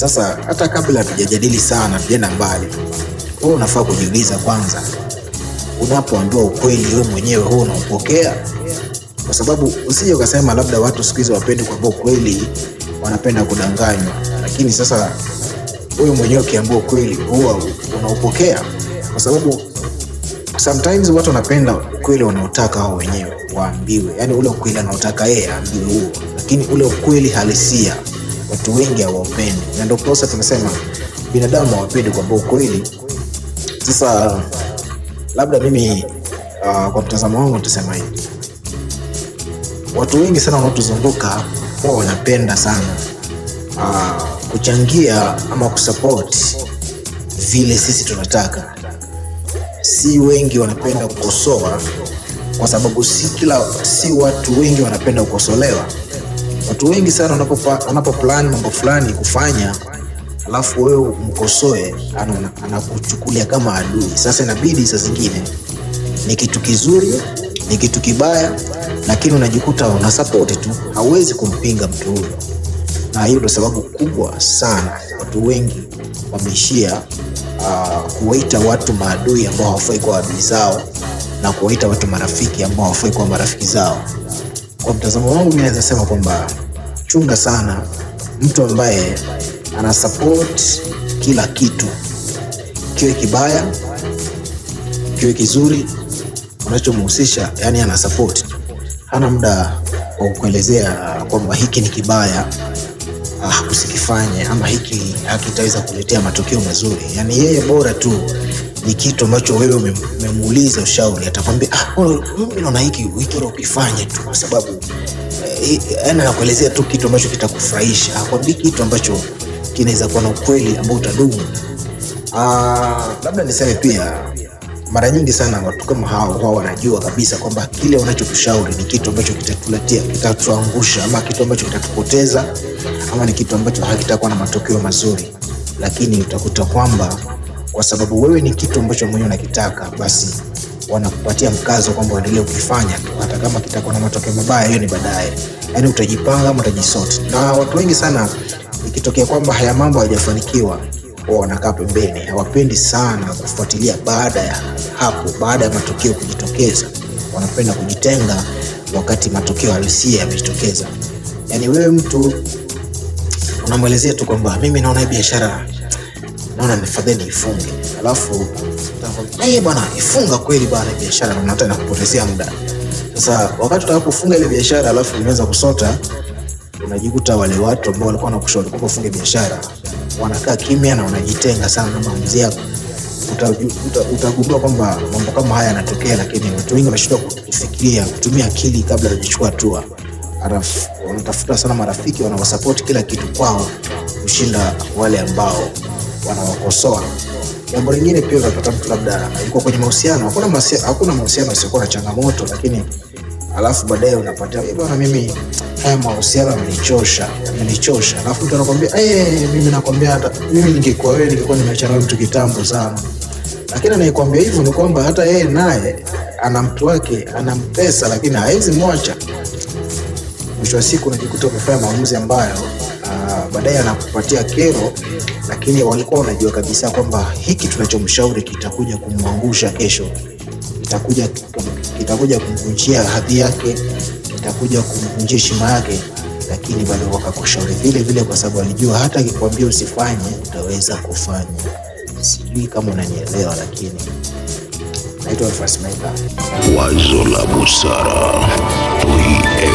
Sasa hata kabla hatujajadili sana, tujaenda mbali, wewe unafaa kujiuliza kwanza, unapoambiwa ukweli wewe mwenyewe huo unaupokea? Kwa sababu usije ukasema labda watu siku hizi wapendi kuambiwa ukweli, wanapenda kudanganywa. Lakini sasa wewe mwenyewe ukiambia ukweli huwa unaupokea? Kwa sababu sometimes watu wanapenda ukweli wanaotaka wao wenyewe waambiwe, yani ule ukweli anaotaka yeye aambiwe huo, lakini ule ukweli halisia watu wengi hawapendi, na ndio kwa sababu tunasema binadamu hawapendi kwamba ukweli. Sasa labda mimi uh, kwa mtazamo wangu nitasema hivi, watu wengi sana wanaotuzunguka wao wanapenda sana uh, kuchangia ama kusupport vile sisi tunataka. Si wengi wanapenda kukosoa, kwa sababu si kila si watu wengi wanapenda kukosolewa. Watu wengi sana wanapoplan mambo fulani kufanya, alafu wewe umkosoe, anakuchukulia kama adui. Sasa inabidi saa zingine ni kitu kizuri, ni kitu kibaya, lakini unajikuta una support tu, hauwezi kumpinga mtu huyo, na hiyo ndo sababu kubwa sana watu wengi wameishia uh, ah, kuwaita watu maadui ambao hawafai kuwa adui zao na kuwaita watu marafiki ambao hawafai kuwa marafiki zao. Kwa mtazamo wangu mimi naweza sema kwamba chunga sana mtu ambaye ana support kila kitu, kiwe kibaya kiwe kizuri, unachomhusisha yani ana support, hana muda wa kukuelezea kwamba hiki ni kibaya ah, usikifanye, ama hiki hakitaweza kuletea matokeo mazuri. Yani yeye bora tu ni kitu ambacho wewe umemuuliza ushauri, atakwambia ah, naona hiki hiki ukifanye tu, kwa sababu eh, eh, ana yaani anakuelezea tu kitu ambacho kitakufurahisha, akwambii kitu ambacho kinaweza kuwa na ukweli ambao utadumu. Ah, labda niseme pia mara nyingi sana watu kama hao wao wanajua kabisa kwamba kile wanachokushauri ni kitu ambacho kitatuletea, kitatuangusha ama kitu ambacho kitatupoteza ama ni kitu ambacho hakitakuwa na matokeo mazuri, lakini utakuta kwamba kwa sababu wewe ni kitu ambacho mwenyewe unakitaka, basi wanakupatia mkazo kwamba uendelee kukifanya tu, hata kama kitakuwa na matokeo mabaya, hiyo ni baadaye. Yani utajipanga ama utajisoti. Na watu wengi sana ikitokea kwamba haya mambo hayajafanikiwa wanakaa pembeni, hawapendi sana kufuatilia baada ya hapo, baada ya matokeo kujitokeza, wanapenda kujitenga wakati matokeo halisia yamejitokeza. Yani wewe mtu unamwelezea tu kwamba mimi naona biashara bwana, mifadheni ifunge. Alafu eh bwana, ifunga kweli bwana, biashara na hata inakupotezea muda. Sasa wakati unataka kufunga ile biashara, alafu unaanza kusota, unajikuta wale watu ambao walikuwa wanakushauri kwamba ufunge biashara wanakaa kimya na wanajitenga sana na maamuzi yako. Utagundua kwamba mambo kama haya yanatokea, lakini watu wengi wanashindwa kufikiria, kutumia akili kabla hawajachukua hatua. Wanatafuta sana marafiki wanaosapoti kila kitu kwao kushinda wale ambao wanawakosoa. Jambo lingine pia unapata mtu labda alikuwa kwenye mahusiano, hakuna mahusiano, hakuna mahusiano asiokuwa na changamoto, lakini alafu baadaye unapata eh, bwana, mimi haya mahusiano yamenichosha, yamenichosha. Alafu mtu anakwambia eh, mimi nakwambia, hata mimi ningekuwa wewe ningekuwa nimeachana mtu kitambo sana. Lakini anayekwambia hivyo ni kwamba hata yeye naye ana mtu wake, ana anampesa, lakini hawezi mwacha. Mwisho wa siku unajikuta umefanya maamuzi ambayo baadaye anakupatia kero, lakini walikuwa wanajua kabisa kwamba hiki tunachomshauri kitakuja kumwangusha kesho, kitakuja kitakuja kumvunjia hadhi yake, kitakuja kumvunjia heshima yake, lakini bado wakakushauri vile vile, kwa sababu alijua hata akikwambia usifanye utaweza kufanya. Sijui kama unanielewa, lakini naitwa wazo la busara. Eh.